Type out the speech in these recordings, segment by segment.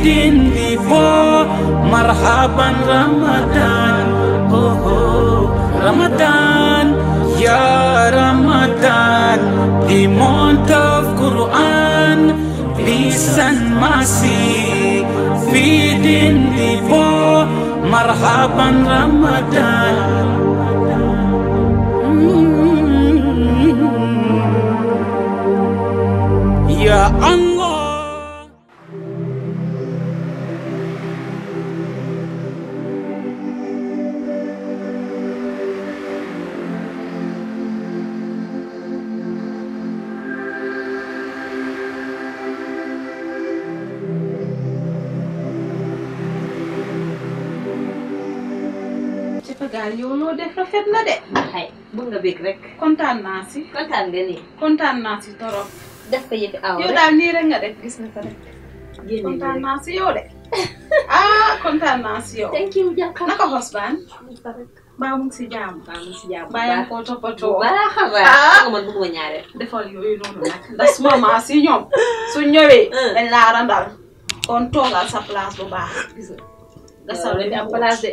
Muhyiddin before Marhaban Ramadan Oh, oh Ramadan Ya Ramadan The month of Quran Lisan masih Feeding before Marhaban Ramadan hmm. Ya Allah gaal yow loo def rafet na de. ay bëgg nga bëgg rek. kontaan naa si. kontaan nga nii. kontaan naa si torop. def ko yëfi aw rek yow daal nga def gis na ko rek. kontaan naa si yow de. ah kontaan naa si yow. thank you jàpp naka xosbaan. baa mu ngi si jàmm. baa mu ngi si jàmm bàyyi ko toppatoo. baax a baax ah man bëgguma ñaareel. defal yooyu noonu nag ndax maman si ñoom su ñëwee. Ah. dañ laa randal kon toogal sa place bu baax. nga nga saw am place de.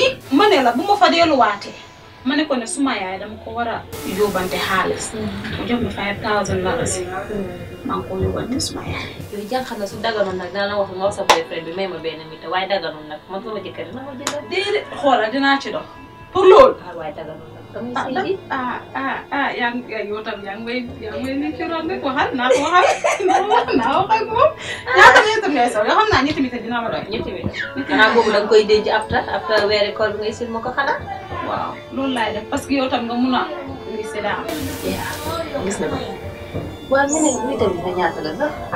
ma ne la bu ma fa delluwaatee ma ne ko ne suma yaay dama ko war a yóbbante xaalis. Mm-hmm. mu jox ma five thousand dollars mm-hmm. maa ngi ko yóbbante suma yaay. yooyu jànqal na su daganoon nag dana la wax ma wax bi may ma benn mi te waaye daganoon nag man sama jëkkër dina ma jëndal déedéet xoolal dinaa ci dox pour loolu. waaw ah, waaye daganoon damay sii ah ah ah yaa ngi yow tam yaa ngi may yaa ngi may ni ci ron rek waxal naa waxal naa wax ak moom ñaata mètre ngay sol yoo xam na ñetti mètre dina ma doy ñetti mètre. xanaa boobu da nga koy denc après après weeri koor bi ngay sil ma ko xanaa. waaw parce que yow tam nga mun a ngi na ma. waaw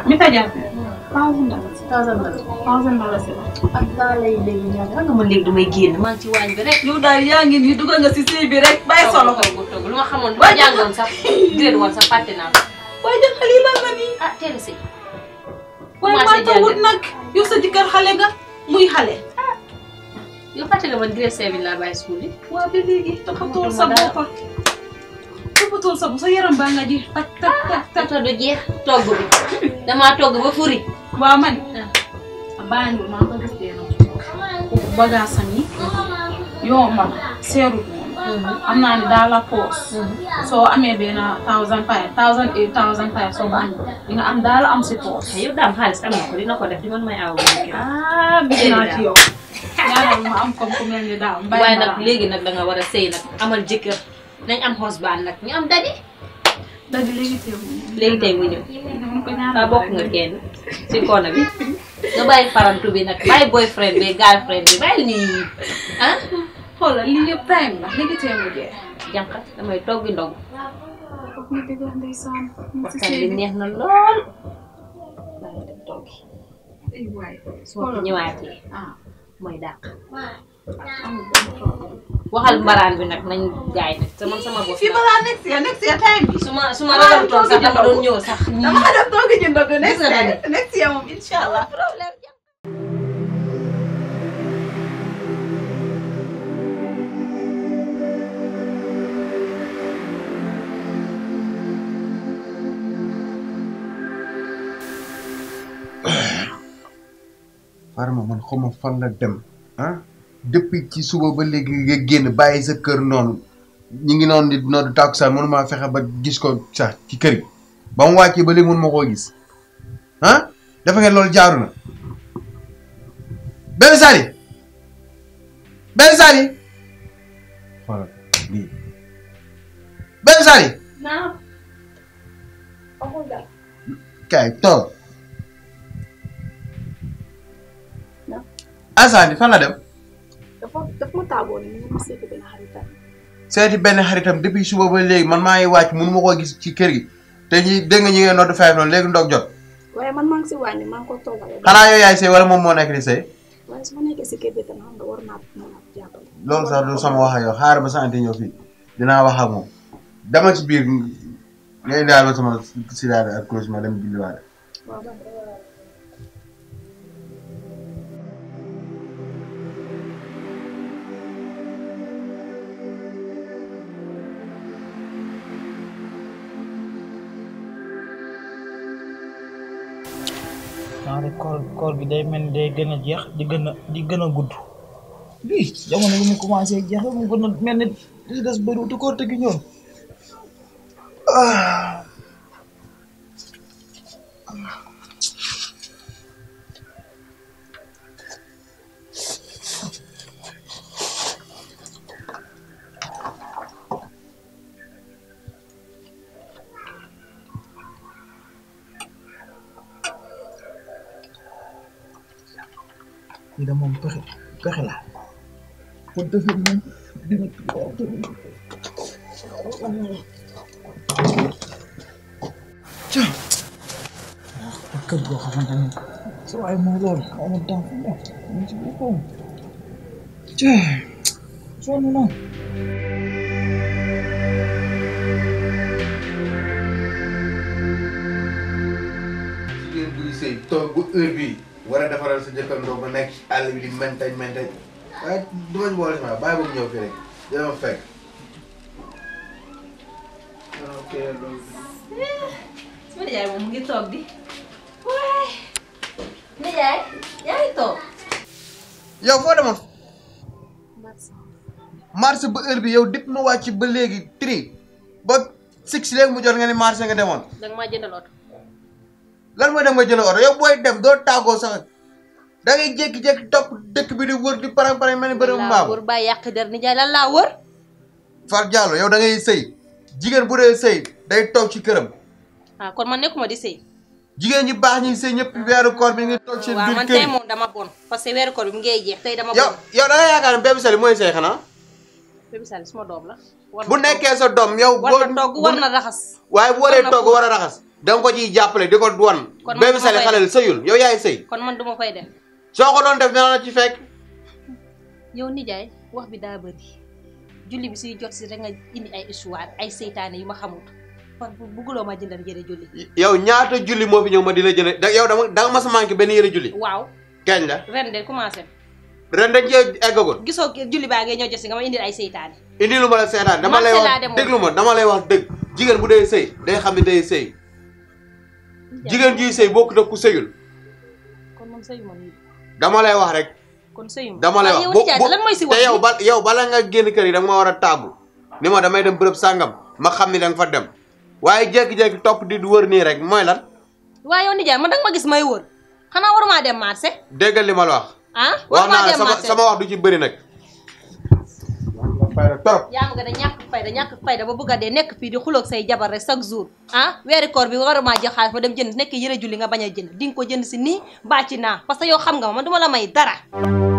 mi tamit thousand dollars thousand dollars thousand dollars ak daa lay léegi ñaata nga mën léegi damay génn maa ngi ci waañ bi rek yow daal yaa ngi nii dugal nga si sëy bi rek bàyyi solo ko togg lu ma xamoon lu ma jàngoon sax grade woon sax fàtte naa ko waaye jël xale yi lan la nii ah teel a sëy waaye maa tawut nag yow sa jëkkër xale nga muy xale yow fàtte nga man grade seven laa bàyyi school yi waaw ba léegi toppatool sa boppa toppatool sa bopp sa yaram waaw man bàyyi ma maa bëgg a bagage am yi yoo seeru am naa ne daal la soo amee benn thousand five thousand eight thousand five soo ko amee nga am daal am si poos yëpp daal xaalis am na ko dina ko def di man may aw ah bi naa ci yow ñaanal am comme ku mel ni daal mbay nag léegi nag da nga war a sëy nag amal jëkkër nañ am husband nag ñu am dadi dadi léegi tey bokk nga kenn si koona bi nga bàyyi farantu bi nag bàyyi boyfriend bi girlfriend bi bàyyi nii ah xoolal lii yëpp time la léegi tee mu damay toggi ndog waxtaan bi neex na lool su ma ñëwaatee ah. mooy dàq waxal mbaraan bi nag nañ gaay nag te man sama bopp. fii balaa nekk si nekk si time bi. su ma su ma doon sax dama doon ñëw sax. dama nekk si nekk si moom incha la ah? depuis ci suba ba légui nga génn bàyyi sa kër noonu ñi ngi noonu di noonu mënu mënuma fexe ba gis ko sax ci kër ba mu wàccee ba léegi mënuma koo gis ah dafa ngeen loolu jaaru na benn saali benn saali xoolal lii benn saali kay toog asaani fan la dem dafa daf benn xaritam. seeti benn suba ba léegi man maa ngi wàcc mënu ma koo gis ci kër gi te ñi dégg nga ñu ngeen nodd five noonu léegi ndoog jot. waaye man maa si wàññi maa ko toogalee. xanaa yow yaay sëy moom moo nekk di sëy. waaye su ma nekkee loolu sax du sama wax ak ba sa anti dinaa wax ak dama ci biir ngay daal ba sama si daal ak close ma dem julliwaale. genre koor koor gi day mel ni day gën a jeex di gën a di gën a gudd. lii jamono bi mu commencé jeex mu gën a mel ni li des bëriwul te koor te gi ñëw. Ah. li da moom pexe pexe la kon defe moom dina ca ak kër goo xamante ne sa moo loolu amul temps fu nekk mu ci toog bu heure bii wara defaral sa jëkkandoo ba nekk àll bi di mentañ mentañ waaye du ma boole ma bàyyi ba ñëw fi rek fekk. di. waay. nijaay yaa ngi yow foo demoon. marché ba heure bi yow dip ma wàcc ba léegi tri ba six léegi mu jot nga ni marché nga demoon lan mooy dem ba jël auto yow boy dem do tago sax da ngay jek jek top dekk bi di wër di param param mel ni bëri maam wër ba yak der ni jaay lan laa wër far jàllo yow da ngay sey jigen bu re sey day tok ci kërëm ah kon man nekuma di sey jigen ñi baax ñi sey ñepp weeru koor bi ngi toog seen biir kër man tay mo dama bon parce que weeru koor bi mu ngay jex tay dama bon yow yow da nga yaakaar ne bébé sali moy sey xana bébé sali suma doom la bu nekké sa doom yow bo tok war na raxas waye bu waré tok war na raxas dang ko ci jappale diko duwan bebe sale xalal seuyul yow yaay sey kon man duma fay def soko don def dana ci fek yow nijaay wax bi da bari julli bi suy jot ci rek nga indi ay histoire ay seytaane yuma ma xamut kon bugulo ma jëndal yere julli yow ñaata julli mo fi ñew ma dila jël yow dama dama ma sa manki ben yere julli waw gañ la ren de commencé ren dañ ci eggagul giso julli ba ngay ñew jess nga ma indi ay seytaane indi lu ma la seytaane dama lay wax ma dama lay wax deug jigen bu day sey day xam day sey jigen juy sey bokk nag ku seyul kon mom sey nii dama lay wax rek kon sey sëyuma dama lay wax te yow ba yow bala nga génn kër yi da nga ma war a taamu ni ma damay dem beurep sangam ma xam ni dang fa dem waye jek jek top di du wër ni rek moy lan waaye yow nijaay man dang ma gis may wër xana waruma dem marché degal li ma la wax ah waruma dem marché sama wax du ci beuri nak fayda trop yaa ma gën a ñàkk fayda ñàkk fayda ba bëgg a dee nekk fii di xuloog jabar rek chaque jour ah weeri koor war maa jël xaalis ba dem jënd nekk yëre julli nga bañ a jënd ko jënd si nii baa ci naa parce que yow xam nga ma man duma la may dara